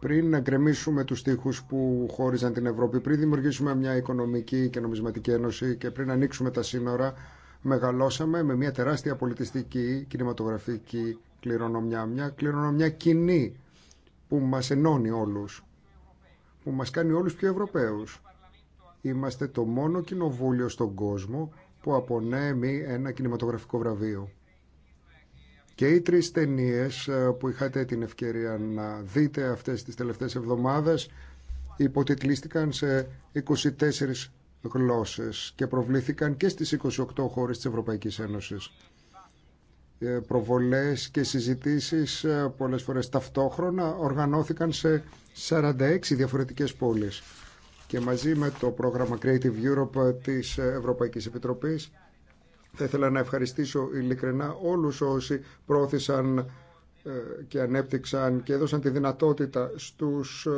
πριν να γκρεμίσουμε τους τοίχου που χώριζαν την Ευρώπη, πριν δημιουργήσουμε μια οικονομική και νομισματική ένωση και πριν ανοίξουμε τα σύνορα, μεγαλώσαμε με μια τεράστια πολιτιστική, κινηματογραφική κληρονομιά, μια κληρονομιά κοινή που μας ενώνει όλους, που μας κάνει όλους πιο Ευρωπαίους. Είμαστε το μόνο κοινοβούλιο στον κόσμο που απονέμει ένα κινηματογραφικό βραβείο. Και οι τρεις ταινίε ε, που είχατε την ευκαιρία να δείτε αυτές τις τελευταίες εβδομάδες υποτιτλίστηκαν σε 24 γλώσσες και προβλήθηκαν και στις 28 χώρες της Ευρωπαϊκής Ένωσης. Ε, προβολές και συζητήσεις ε, πολλές φορές ταυτόχρονα οργανώθηκαν σε 46 διαφορετικές πόλεις και μαζί με το πρόγραμμα Creative Europe της Ευρωπαϊκής Επιτροπής θα ήθελα να ευχαριστήσω ειλικρινά όλους όσοι πρόθεσαν ε, και ανέπτυξαν και έδωσαν τη δυνατότητα στους ε,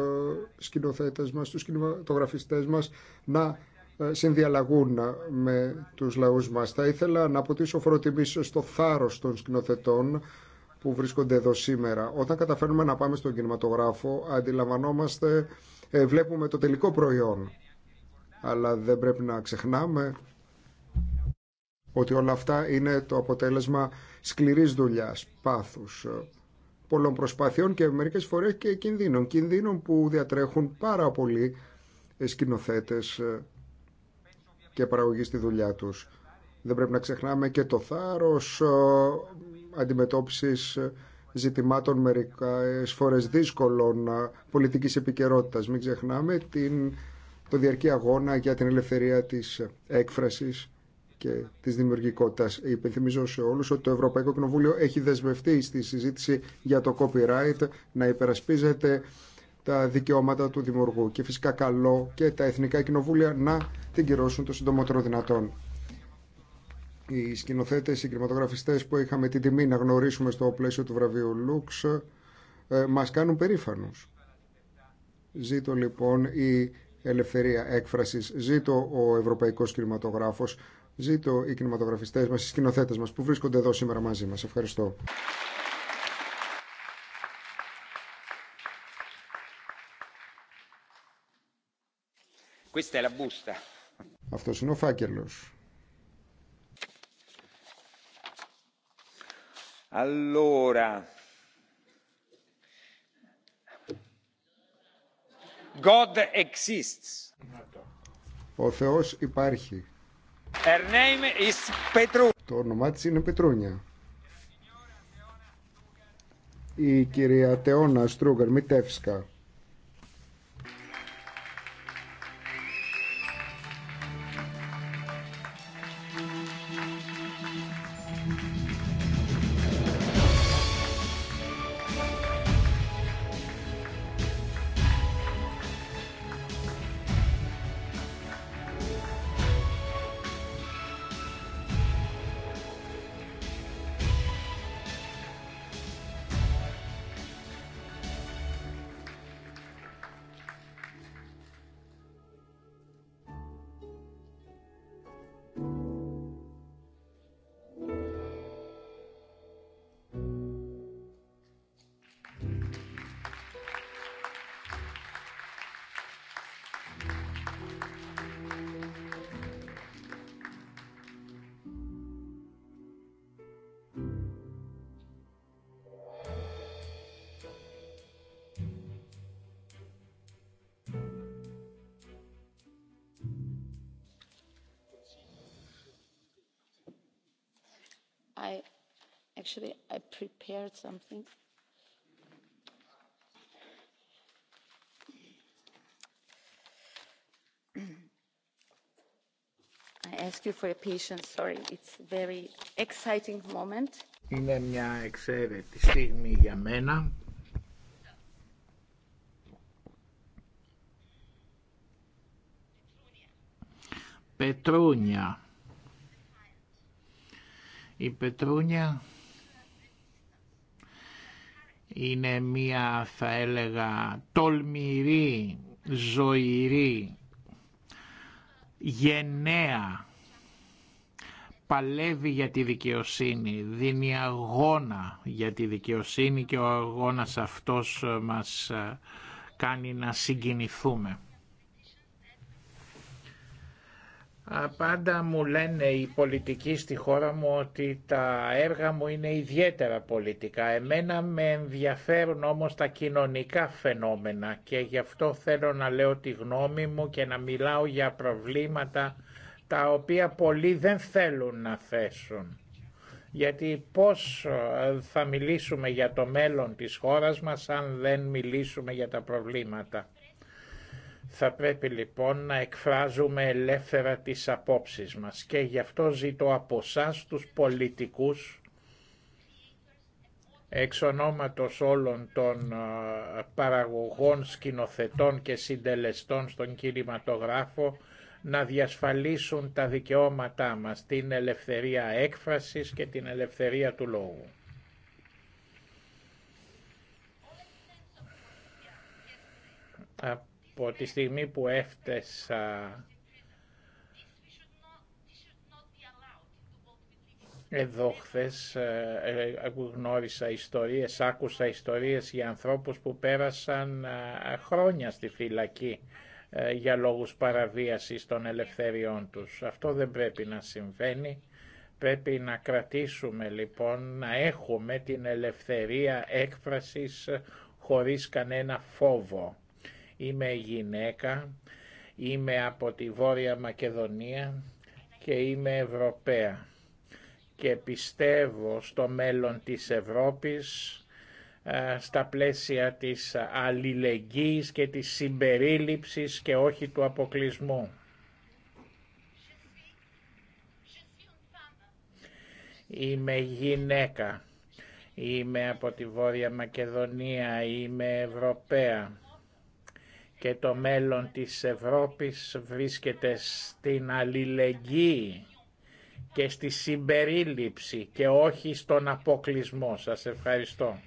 σκηνοθέτες μας, στους κινηματογραφιστές μας να ε, συνδιαλλαγούν με τους λαούς μας. Θα ήθελα να αποτύσω φοροτιμή στο θάρρος των σκηνοθετών που βρίσκονται εδώ σήμερα. Όταν καταφέρνουμε να πάμε στον κινηματογράφο, αντιλαμβανόμαστε, βλέπουμε το τελικό προϊόν. Αλλά δεν πρέπει να ξεχνάμε ότι όλα αυτά είναι το αποτέλεσμα σκληρής δουλειάς, πάθους, ε, πολλών προσπαθειών και μερικές φορές και κινδύνων. Κινδύνων που διατρέχουν πάρα πολλοί ε, σκηνοθέτες ε, και παραγωγή στη δουλειά τους. Δεν πρέπει να ξεχνάμε και το θάρρος αντιμετώπισης ζητημάτων μερικές φορές δύσκολων πολιτικής επικαιρότητα. Μην ξεχνάμε την, το διαρκή αγώνα για την ελευθερία της έκφρασης και τη δημιουργικότητα. Υπενθυμίζω σε όλου ότι το Ευρωπαϊκό Κοινοβούλιο έχει δεσμευτεί στη συζήτηση για το copyright να υπερασπίζεται τα δικαιώματα του δημιουργού. Και φυσικά καλό και τα εθνικά κοινοβούλια να την κυρώσουν το συντομότερο δυνατόν. Οι σκηνοθέτε, οι κινηματογραφιστέ που είχαμε την τιμή να γνωρίσουμε στο πλαίσιο του βραβείου Λουξ ε, μα κάνουν περήφανου. Ζήτω λοιπόν η ελευθερία έκφρασης. Ζήτω ο ευρωπαϊκός κινηματογράφος Ζήτω οι κινηματογραφιστές μα οι σκηνοθέτε μα που βρίσκονται εδώ σήμερα μαζί μα. Ευχαριστώ. Αυτός είναι ο φάκελο. Allora. God exists. Ο Θεός υπάρχει. Το όνομά της είναι Πετρούνια. Η κυρία Τεώνα Στρούγκαρ Μητεύσκα. Actually, I prepared something. I ask you for your patience. Sorry, it's a very exciting moment. Είναι μια εξαίρετη στιγμή για μένα. Πετρούνια. Η πετρούνια είναι μία θα έλεγα τολμηρή, ζωηρή, γενναία, παλεύει για τη δικαιοσύνη, δίνει αγώνα για τη δικαιοσύνη και ο αγώνας αυτός μας ε, κάνει να συγκινηθούμε. Πάντα μου λένε οι πολιτικοί στη χώρα μου ότι τα έργα μου είναι ιδιαίτερα πολιτικά. Εμένα με ενδιαφέρουν όμως τα κοινωνικά φαινόμενα και γι' αυτό θέλω να λέω τη γνώμη μου και να μιλάω για προβλήματα τα οποία πολλοί δεν θέλουν να θέσουν. Γιατί πώς ε, θα μιλήσουμε για το μέλλον της χώρας μας αν δεν μιλήσουμε για τα προβλήματα. Θα πρέπει λοιπόν να εκφράζουμε ελεύθερα τις απόψεις μας και γι' αυτό ζητώ από εσά τους πολιτικούς εξ ονόματος όλων των παραγωγών, σκηνοθετών και συντελεστών στον κινηματογράφο να διασφαλίσουν τα δικαιώματά μας, την ελευθερία έκφρασης και την ελευθερία του λόγου από τη στιγμή που έφτεσα εδώ χθε, ε, γνώρισα ιστορίες, άκουσα ιστορίες για ανθρώπους που πέρασαν ε, χρόνια στη φυλακή ε, για λόγους παραβίασης των ελευθεριών τους. Αυτό δεν πρέπει να συμβαίνει. Πρέπει να κρατήσουμε λοιπόν, να έχουμε την ελευθερία έκφρασης χωρίς κανένα φόβο. Είμαι γυναίκα, είμαι από τη Βόρεια Μακεδονία και είμαι Ευρωπαία και πιστεύω στο μέλλον της Ευρώπης ε, στα πλαίσια της αλληλεγγύης και της συμπερίληψης και όχι του αποκλεισμού. Είμαι γυναίκα, είμαι από τη Βόρεια Μακεδονία, είμαι Ευρωπαία και το μέλλον της Ευρώπης βρίσκεται στην αλληλεγγύη και στη συμπερίληψη και όχι στον αποκλεισμό. Σας ευχαριστώ.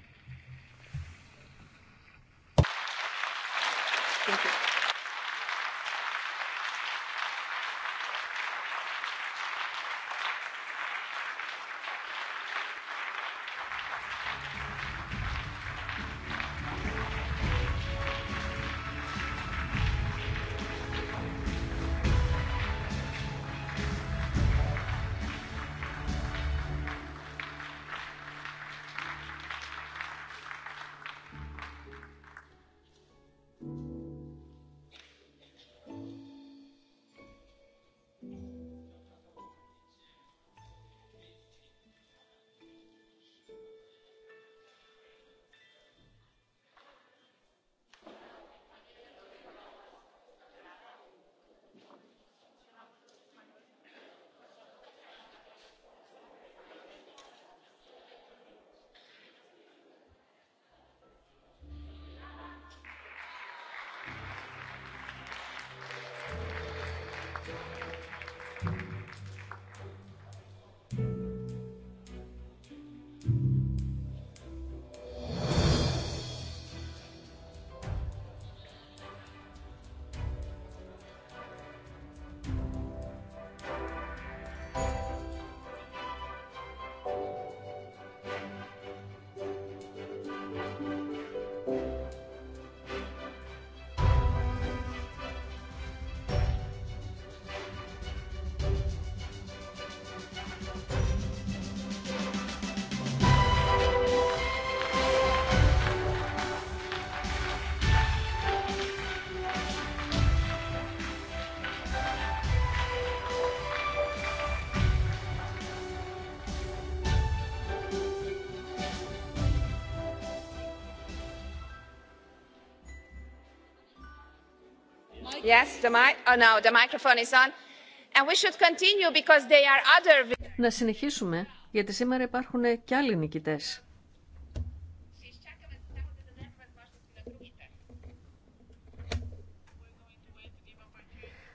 Να συνεχίσουμε, γιατί σήμερα υπάρχουν και άλλοι νικητές.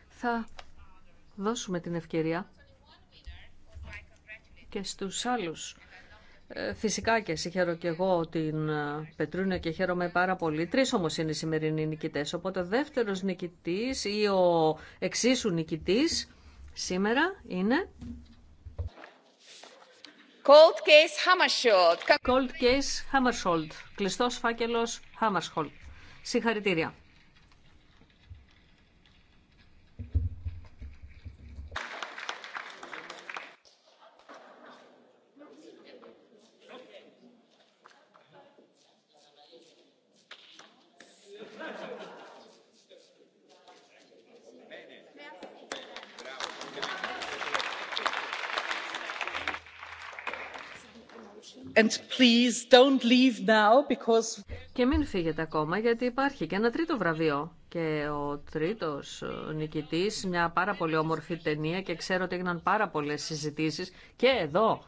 Θα δώσουμε την ευκαιρία και στους άλλους ε, φυσικά και συγχαίρω και εγώ την ε, Πετρούνια και χαίρομαι πάρα πολύ. Τρει όμω είναι οι σημερινοί νικητέ. Οπότε ο δεύτερο νικητή ή ο εξίσου νικητή σήμερα είναι. Cold case Hammersholt. Cold case Hammersholt. Κλειστό φάκελο Hammersholt. Συγχαρητήρια. Και μην φύγετε ακόμα γιατί υπάρχει και ένα τρίτο βραβείο. Και ο τρίτος ε, νικητής, μια πάρα πολύ όμορφη ταινία και ξέρω ότι έγιναν πάρα πολλές συζητήσεις και εδώ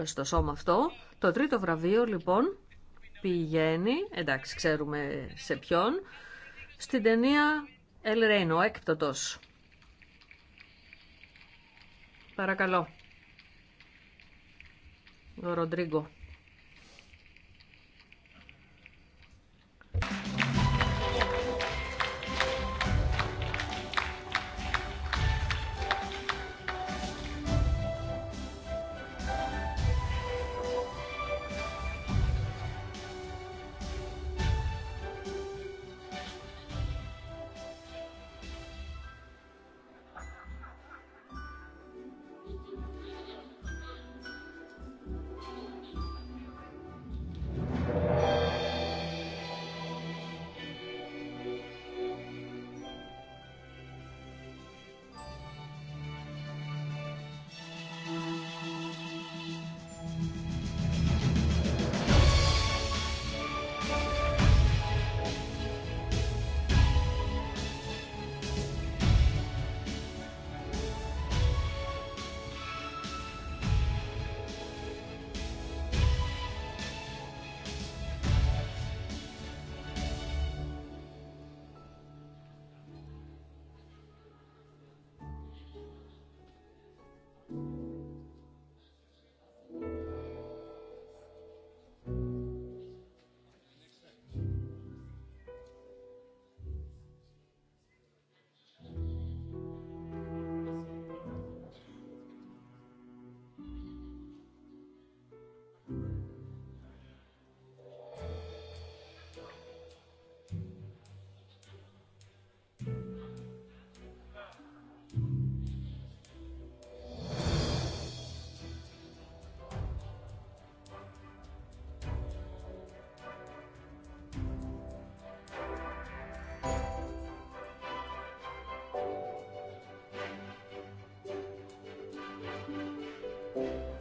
ε, στο σώμα αυτό. Το τρίτο βραβείο λοιπόν πηγαίνει, εντάξει ξέρουμε σε ποιον, στην ταινία El Reino, έκπτωτος. Παρακαλώ. Ο Ροντρίγκο. Thank you.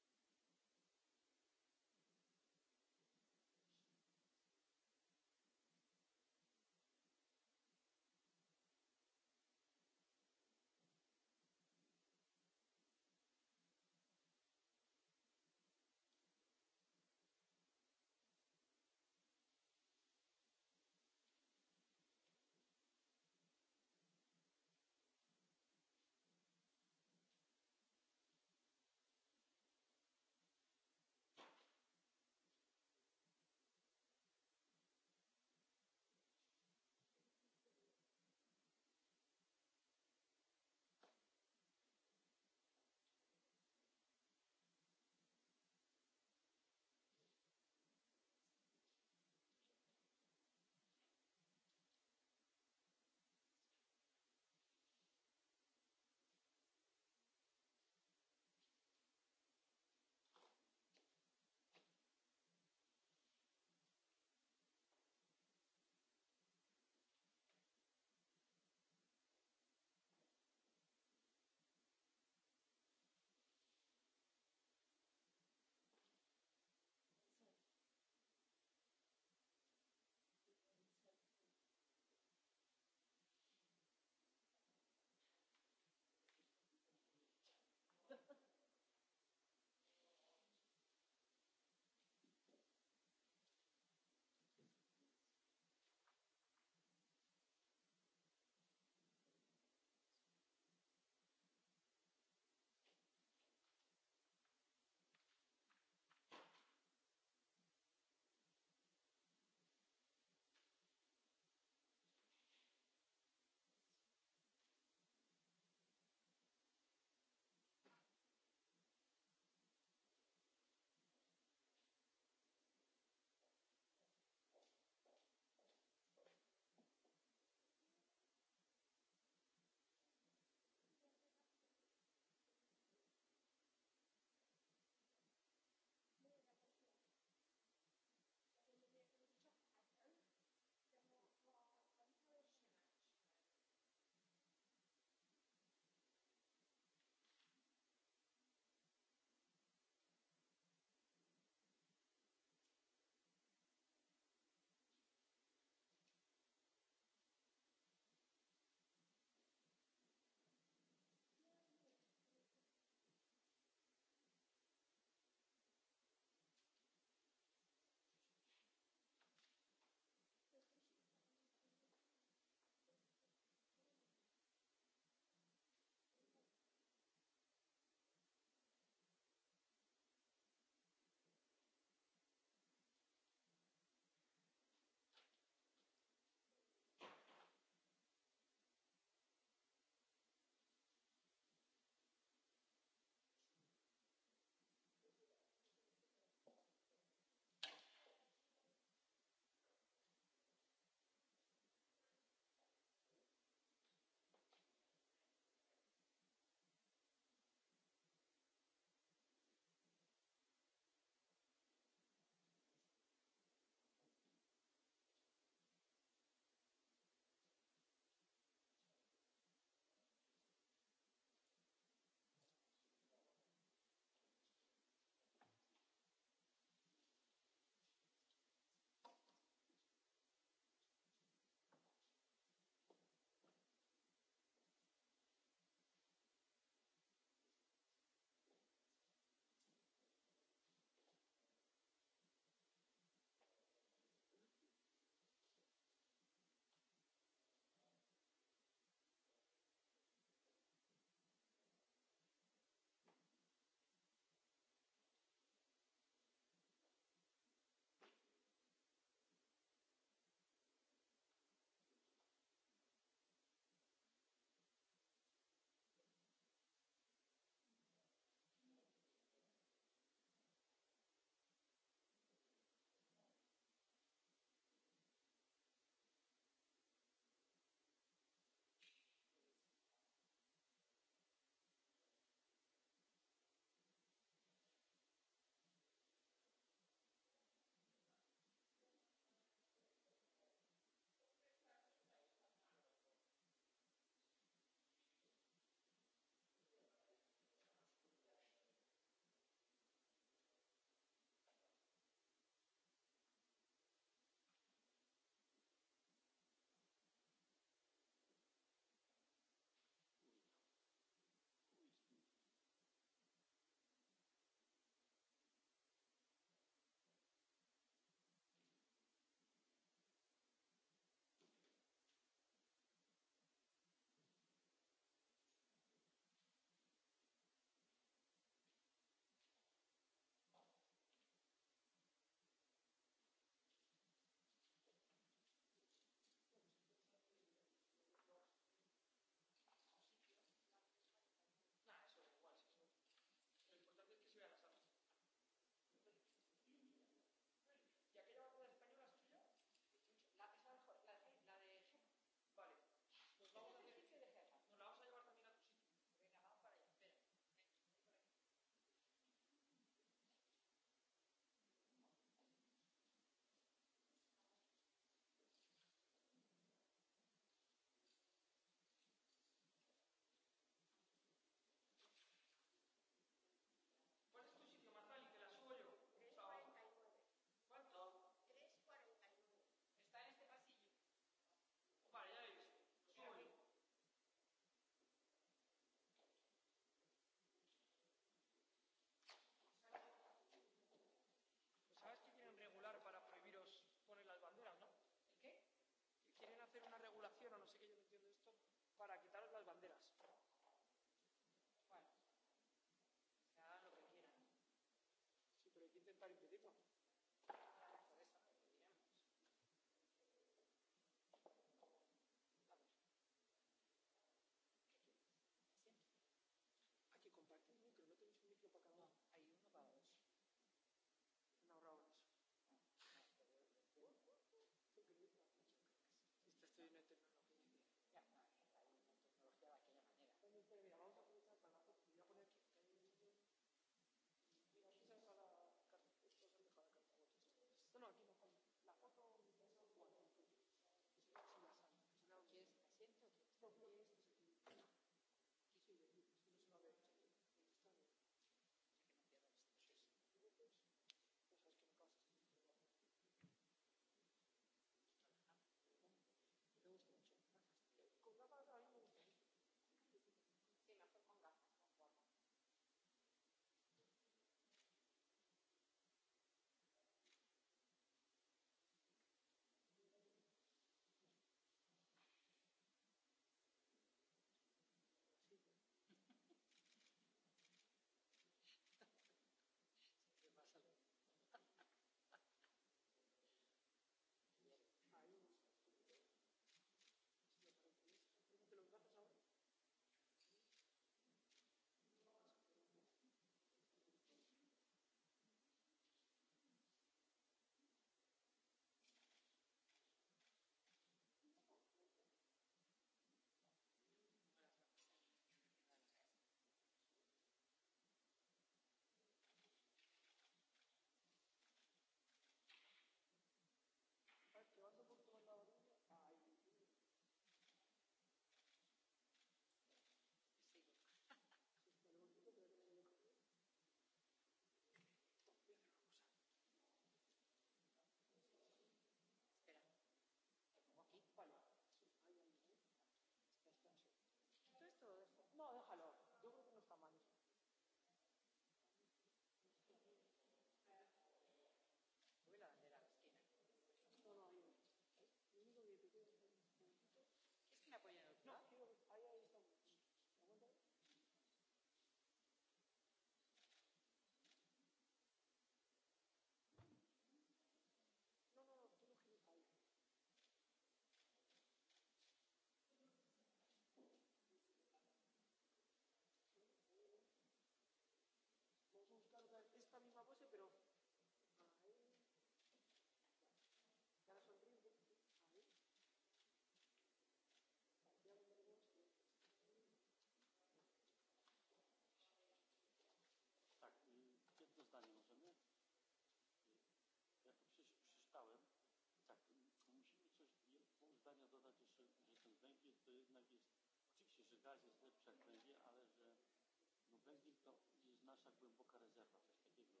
razie źle przekleje, ale że będzie to jest nasza głęboka rezerwa, coś takiego.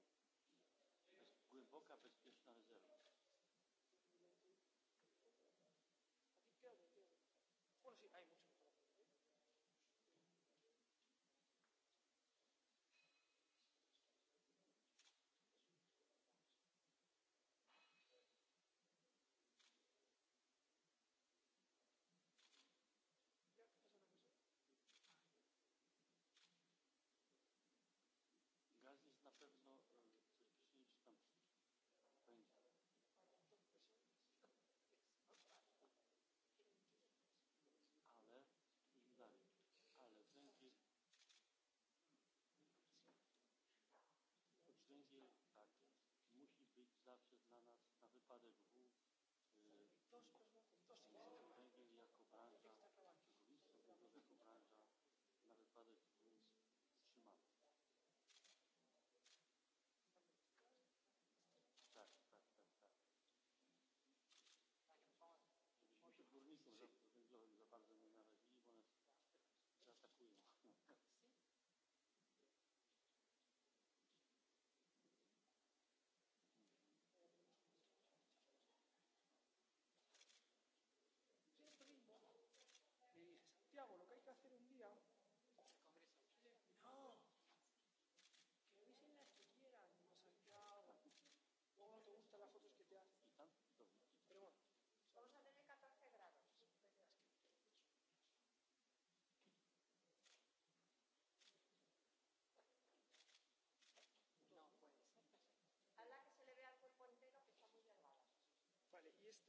Jest głęboka, bezpieczna rezerwa. Γεια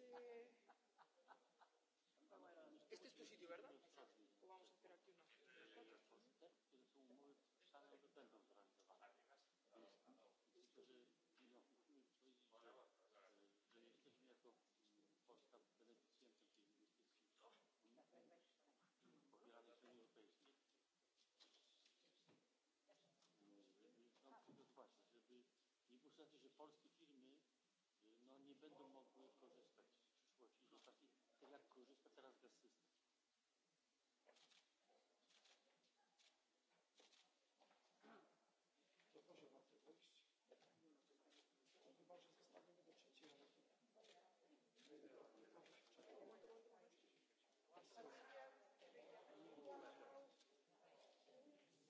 este... Este es tu ¿verdad? vamos a hacer aquí una. nie będą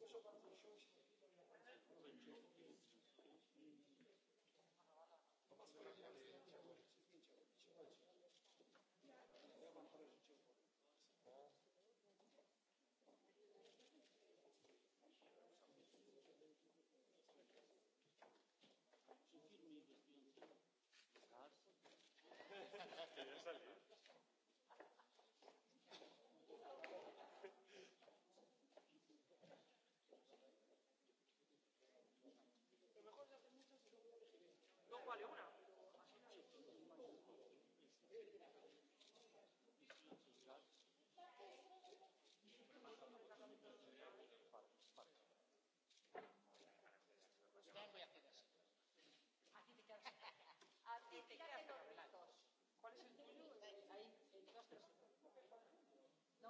πίσω No?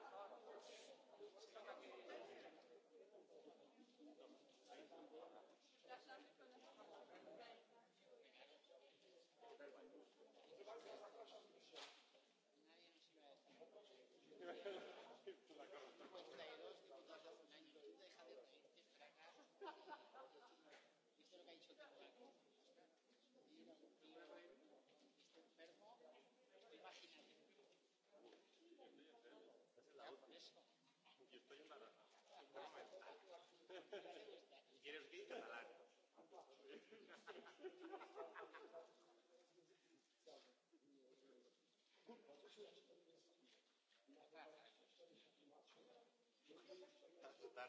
Ο κύριος Γκέι καταλάβει. Τα Ah,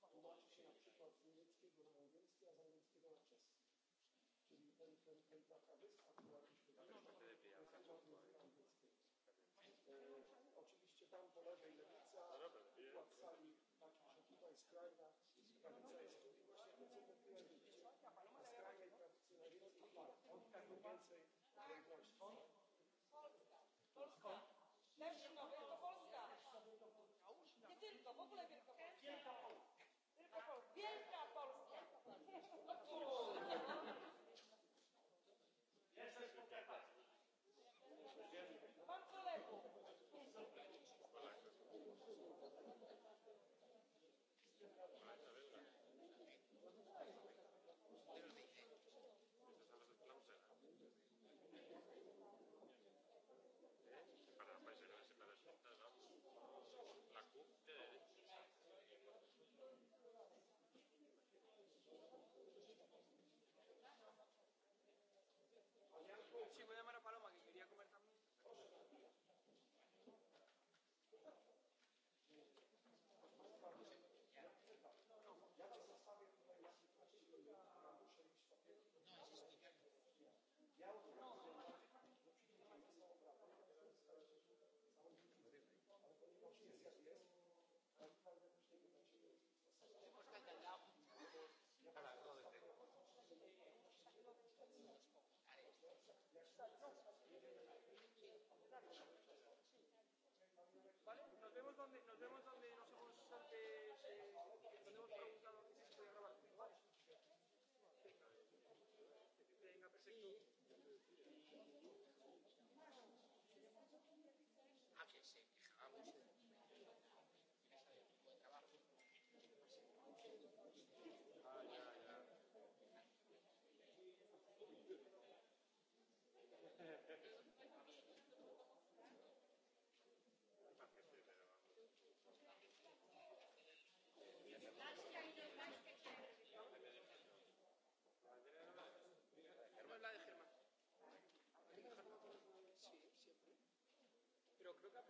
tłumaczy się na przykład z niemieckiego na angielski, a z angielskiego na czeski. Czyli ten, ten, ten ¿Vale? Nos vemos donde, nos vemos donde